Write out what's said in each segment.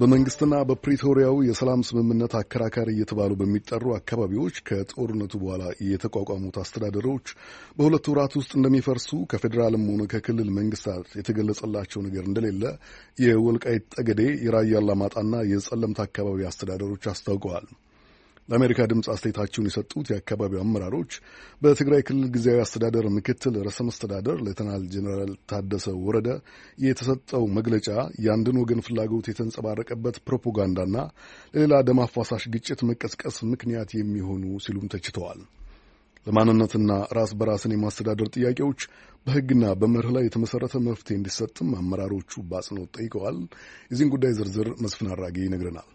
በመንግስትና በፕሪቶሪያው የሰላም ስምምነት አከራካሪ እየተባሉ በሚጠሩ አካባቢዎች ከጦርነቱ በኋላ የተቋቋሙት አስተዳደሮች በሁለት ወራት ውስጥ እንደሚፈርሱ ከፌዴራልም ሆነ ከክልል መንግስታት የተገለጸላቸው ነገር እንደሌለ የወልቃይት ጠገዴ፣ የራያ አላማጣና የጸለምት አካባቢ አስተዳደሮች አስታውቀዋል። ለአሜሪካ ድምፅ አስተያየታቸውን የሰጡት የአካባቢው አመራሮች በትግራይ ክልል ጊዜያዊ አስተዳደር ምክትል ርዕሰ መስተዳደር ሌተናል ጀኔራል ታደሰ ወረደ የተሰጠው መግለጫ የአንድን ወገን ፍላጎት የተንጸባረቀበት ፕሮፓጋንዳና ለሌላ ደም አፋሳሽ ግጭት መቀስቀስ ምክንያት የሚሆኑ ሲሉም ተችተዋል። ለማንነትና ራስ በራስን የማስተዳደር ጥያቄዎች በሕግና በመርህ ላይ የተመሠረተ መፍትሄ እንዲሰጥም አመራሮቹ በአጽንኦት ጠይቀዋል። የዚህን ጉዳይ ዝርዝር መስፍን አራጌ ይነግረናል።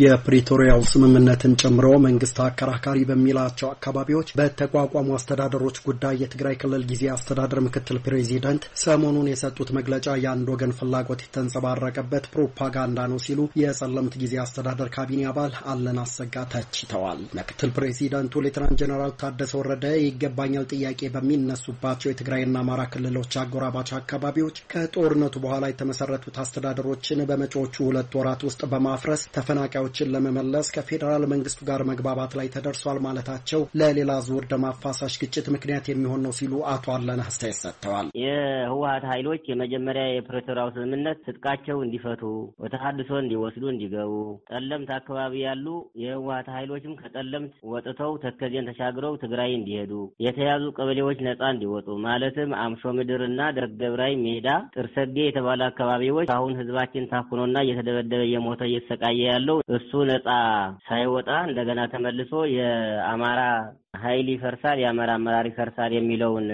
የፕሪቶሪያው ስምምነትን ጨምሮ መንግስት አከራካሪ በሚላቸው አካባቢዎች በተቋቋሙ አስተዳደሮች ጉዳይ የትግራይ ክልል ጊዜ አስተዳደር ምክትል ፕሬዚደንት ሰሞኑን የሰጡት መግለጫ የአንድ ወገን ፍላጎት የተንጸባረቀበት ፕሮፓጋንዳ ነው ሲሉ የጸለምት ጊዜ አስተዳደር ካቢኔ አባል አለን አሰጋ ተችተዋል። ምክትል ፕሬዚደንቱ ሌትናንት ጀኔራል ታደሰ ወረደ ይገባኛል ጥያቄ በሚነሱባቸው የትግራይና አማራ ክልሎች አጎራባች አካባቢዎች ከጦርነቱ በኋላ የተመሰረቱት አስተዳደሮችን በመጪዎቹ ሁለት ወራት ውስጥ በማፍረስ ተፈናቃ ጉዳዮችን ለመመለስ ከፌዴራል መንግስቱ ጋር መግባባት ላይ ተደርሷል ማለታቸው ለሌላ ዙር ደም አፋሳሽ ግጭት ምክንያት የሚሆን ነው ሲሉ አቶ አለን አስተያየት ሰጥተዋል። የህወሀት ኃይሎች የመጀመሪያ የፕሪቶሪያው ስምምነት ትጥቃቸው እንዲፈቱ ወደ ተሃድሶ እንዲወስዱ እንዲገቡ፣ ጠለምት አካባቢ ያሉ የህወሀት ኃይሎችም ከጠለምት ወጥተው ተከዜን ተሻግረው ትግራይ እንዲሄዱ፣ የተያዙ ቀበሌዎች ነጻ እንዲወጡ ማለትም አምሾ ምድርና ደርገብራይ ሜዳ ጥርሰጌ የተባለ አካባቢዎች አሁን ህዝባችን ታፍኖና እየተደበደበ እየሞተ እየተሰቃየ ያለው እሱ ነፃ ሳይወጣ እንደገና ተመልሶ የአማራ ኃይል ይፈርሳል፣ የአማራ አመራር ይፈርሳል የሚለውን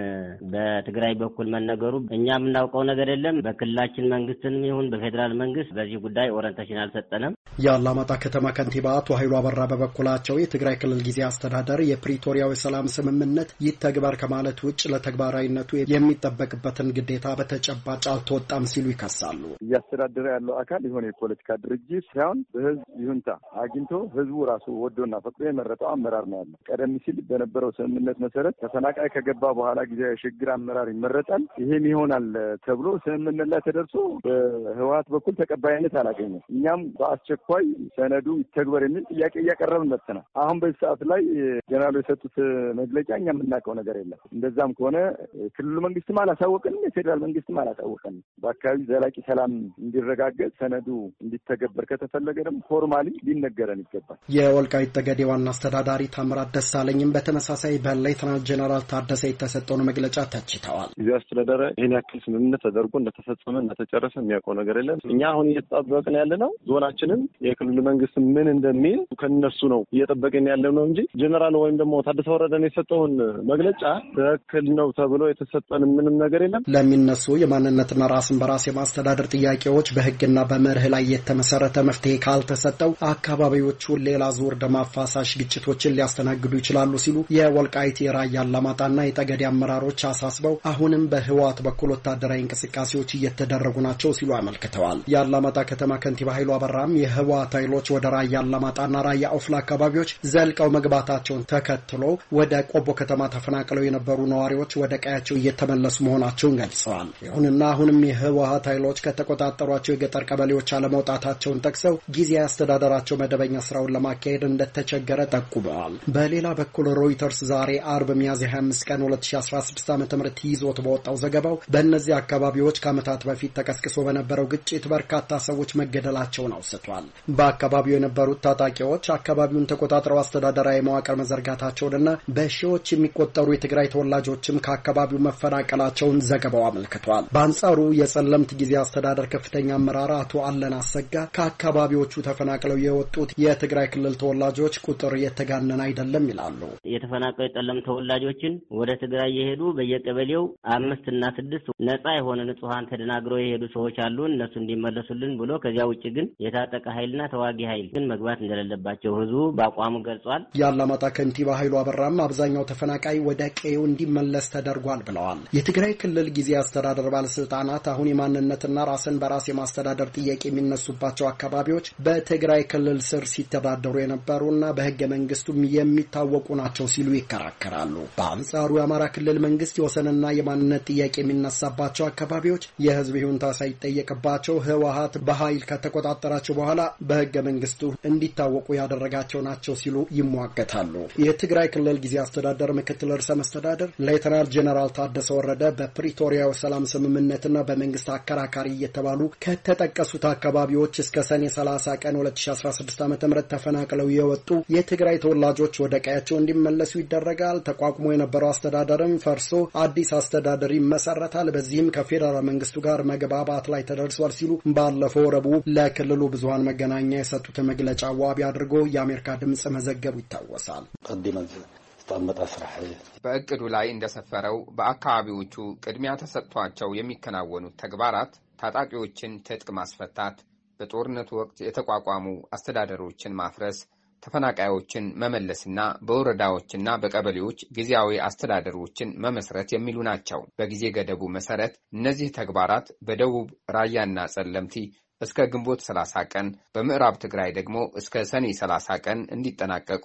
በትግራይ በኩል መነገሩ እኛ የምናውቀው ነገር የለም። በክልላችን መንግስትንም ይሁን በፌዴራል መንግስት በዚህ ጉዳይ ኦረንቴሽን አልሰጠንም። የአላማጣ ከተማ ከንቲባ አቶ ኃይሉ አበራ በበኩላቸው የትግራይ ክልል ጊዜ አስተዳደር የፕሪቶሪያው የሰላም ስምምነት ይተግበር ከማለት ውጭ ለተግባራዊነቱ የሚጠበቅበትን ግዴታ በተጨባጭ አልተወጣም ሲሉ ይከሳሉ። እያስተዳደረ ያለው አካል የሆነ የፖለቲካ ድርጅት ሳይሆን በህዝብ ይሁንታ አግኝቶ ህዝቡ ራሱ ወዶና ፈቅዶ የመረጠው አመራር ነው ያለው። ቀደም ሲል በነበረው ስምምነት መሰረት ተፈናቃይ ከገባ በኋላ ጊዜ የሽግግር አመራር ይመረጣል፣ ይህም ይሆናል ተብሎ ስምምነት ላይ ተደርሶ በህወሀት በኩል ተቀባይነት አላገኘም። እኛም በአስቸ በአስቸኳይ ሰነዱ ይተግበር የሚል ጥያቄ እያቀረብን መጥተናል። አሁን በዚህ ሰዓት ላይ ጀነራሉ የሰጡት መግለጫ እኛ የምናውቀው ነገር የለም። እንደዛም ከሆነ ክልሉ መንግስትም አላሳወቅንም፣ የፌዴራል መንግስትም አላሳወቀንም። በአካባቢ ዘላቂ ሰላም እንዲረጋገጥ ሰነዱ እንዲተገበር ከተፈለገ ደግሞ ፎርማሊ ሊነገረን ይገባል። የወልቃይት ጠገዴ ዋና አስተዳዳሪ ታምራት ደሳለኝም በተመሳሳይ በሌተናል ጀነራል ታደሰ የተሰጠውን መግለጫ ተችተዋል። ጊዜ አስተዳደረ ይህን ያክል ስምምነት ተደርጎ እንደተፈጸመ እንደተጨረሰ የሚያውቀው ነገር የለም። እኛ አሁን እየተጣበቅን ያለ ነው። ዞናችንም የክልሉ መንግስት ምን እንደሚል ከነሱ ነው እየጠበቅን ያለው ነው እንጂ ጀነራል ወይም ደግሞ ታደሰ ወረደን የሰጠውን መግለጫ ትክክል ነው ተብሎ የተሰጠን ምንም ነገር የለም። ለሚነሱ የማንነትና ራስን በራስ የማስተዳደር ጥያቄዎች በህግና በመርህ ላይ የተመሰረተ መፍትሄ ካልተሰጠው አካባቢዎቹን ሌላ ዙር ደም አፋሳሽ ግጭቶችን ሊያስተናግዱ ይችላሉ ሲሉ የወልቃይት የራያ አላማጣና የጠገዴ አመራሮች አሳስበው አሁንም በህወሓት በኩል ወታደራዊ እንቅስቃሴዎች እየተደረጉ ናቸው ሲሉ አመልክተዋል። የአላማጣ ከተማ ከንቲባ ኃይሉ አበራም የህወሓት ኃይሎች ወደ ራያ አላማጣና ራያ ኦፍላ አካባቢዎች ዘልቀው መግባታቸውን ተከትሎ ወደ ቆቦ ከተማ ተፈናቅለው የነበሩ ነዋሪዎች ወደ ቀያቸው እየተመለሱ መሆናቸውን ገልጸዋል። ይሁንና አሁንም የህወሓት ኃይሎች ከተቆጣጠሯቸው የገጠር ቀበሌዎች አለመውጣታቸውን ጠቅሰው ጊዜያዊ አስተዳደራቸው መደበኛ ስራውን ለማካሄድ እንደተቸገረ ጠቁመዋል። በሌላ በኩል ሮይተርስ ዛሬ አርብ ሚያዝያ 25 ቀን 2016 ዓ ም ይዞት በወጣው ዘገባው በእነዚህ አካባቢዎች ከዓመታት በፊት ተቀስቅሶ በነበረው ግጭት በርካታ ሰዎች መገደላቸውን አውስቷል። በአካባቢው የነበሩት ታጣቂዎች አካባቢውን ተቆጣጥረው አስተዳደራዊ መዋቅር መዘርጋታቸውንና በሺዎች የሚቆጠሩ የትግራይ ተወላጆችም ከአካባቢው መፈናቀላቸውን ዘገባው አመልክቷል። በአንጻሩ የጸለምት ጊዜ አስተዳደር ከፍተኛ አመራር አቶ አለን አሰጋ ከአካባቢዎቹ ተፈናቅለው የወጡት የትግራይ ክልል ተወላጆች ቁጥር የተጋነን አይደለም ይላሉ። የተፈናቀሉ የጸለምት ተወላጆችን ወደ ትግራይ የሄዱ በየቀበሌው አምስት እና ስድስት ነጻ የሆነ ንጹሐን ተደናግረው የሄዱ ሰዎች አሉ እነሱ እንዲመለሱልን ብሎ ከዚያ ውጭ ግን የታጠቀ ኃይልና ተዋጊ ኃይል ግን መግባት እንደሌለባቸው ህዝቡ በአቋሙ ገልጿል። የአላማጣ ከንቲባ ኃይሉ አበራም አብዛኛው ተፈናቃይ ወደ ቀዬው እንዲመለስ ተደርጓል ብለዋል። የትግራይ ክልል ጊዜ አስተዳደር ባለስልጣናት አሁን የማንነትና ራስን በራስ የማስተዳደር ጥያቄ የሚነሱባቸው አካባቢዎች በትግራይ ክልል ስር ሲተዳደሩ የነበሩና በህገ መንግስቱም የሚታወቁ ናቸው ሲሉ ይከራከራሉ። በአንጻሩ የአማራ ክልል መንግስት የወሰንና የማንነት ጥያቄ የሚነሳባቸው አካባቢዎች የህዝብ ይሁንታ ሳይጠየቅባቸው ህወሀት በኃይል ከተቆጣጠራቸው በኋላ በህገ መንግስቱ እንዲታወቁ ያደረጋቸው ናቸው ሲሉ ይሟገታሉ። የትግራይ ክልል ጊዜ አስተዳደር ምክትል ርዕሰ መስተዳደር ሌተናል ጄኔራል ታደሰ ወረደ በፕሪቶሪያው ሰላም ስምምነትና በመንግስት አከራካሪ እየተባሉ ከተጠቀሱት አካባቢዎች እስከ ሰኔ 30 ቀን 2016 ዓ ም ተፈናቅለው የወጡ የትግራይ ተወላጆች ወደ ቀያቸው እንዲመለሱ ይደረጋል። ተቋቁሞ የነበረው አስተዳደርም ፈርሶ አዲስ አስተዳደር ይመሰረታል። በዚህም ከፌዴራል መንግስቱ ጋር መግባባት ላይ ተደርሷል ሲሉ ባለፈው ረቡዕ ለክልሉ ብዙሀን መገናኛ የሰጡትን መግለጫ ዋቢ አድርጎ የአሜሪካ ድምፅ መዘገቡ ይታወሳል። በእቅዱ ላይ እንደሰፈረው በአካባቢዎቹ ቅድሚያ ተሰጥቷቸው የሚከናወኑት ተግባራት ታጣቂዎችን ትጥቅ ማስፈታት፣ በጦርነቱ ወቅት የተቋቋሙ አስተዳደሮችን ማፍረስ፣ ተፈናቃዮችን መመለስና በወረዳዎችና በቀበሌዎች ጊዜያዊ አስተዳደሮችን መመስረት የሚሉ ናቸው። በጊዜ ገደቡ መሰረት እነዚህ ተግባራት በደቡብ ራያና ጸለምቲ እስከ ግንቦት 30 ቀን በምዕራብ ትግራይ ደግሞ እስከ ሰኔ 30 ቀን እንዲጠናቀቁ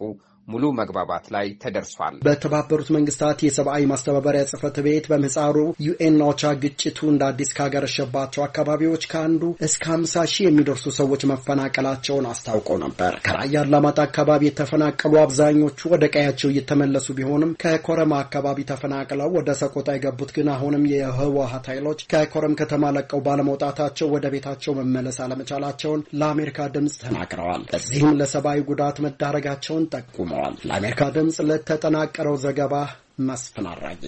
ሙሉ መግባባት ላይ ተደርሷል። በተባበሩት መንግስታት የሰብአዊ ማስተባበሪያ ጽህፈት ቤት በምህፃሩ ዩኤን ኦቻ ግጭቱ እንደ አዲስ ካገረሸባቸው አካባቢዎች ከአንዱ እስከ 50 ሺህ የሚደርሱ ሰዎች መፈናቀላቸውን አስታውቆ ነበር። ከራያ አላማጣ አካባቢ የተፈናቀሉ አብዛኞቹ ወደ ቀያቸው እየተመለሱ ቢሆንም ከኮረማ አካባቢ ተፈናቅለው ወደ ሰቆጣ የገቡት ግን አሁንም የህወሀት ኃይሎች ከኮረም ከተማ ለቀው ባለመውጣታቸው ወደ ቤታቸው መመለስ አለመቻላቸውን ለአሜሪካ ድምፅ ተናግረዋል። በዚህም ለሰብአዊ ጉዳት መዳረጋቸውን ጠቁሙ ጀምሯል። ለአሜሪካ ድምፅ ለተጠናቀረው ዘገባ መስፍን አራጌ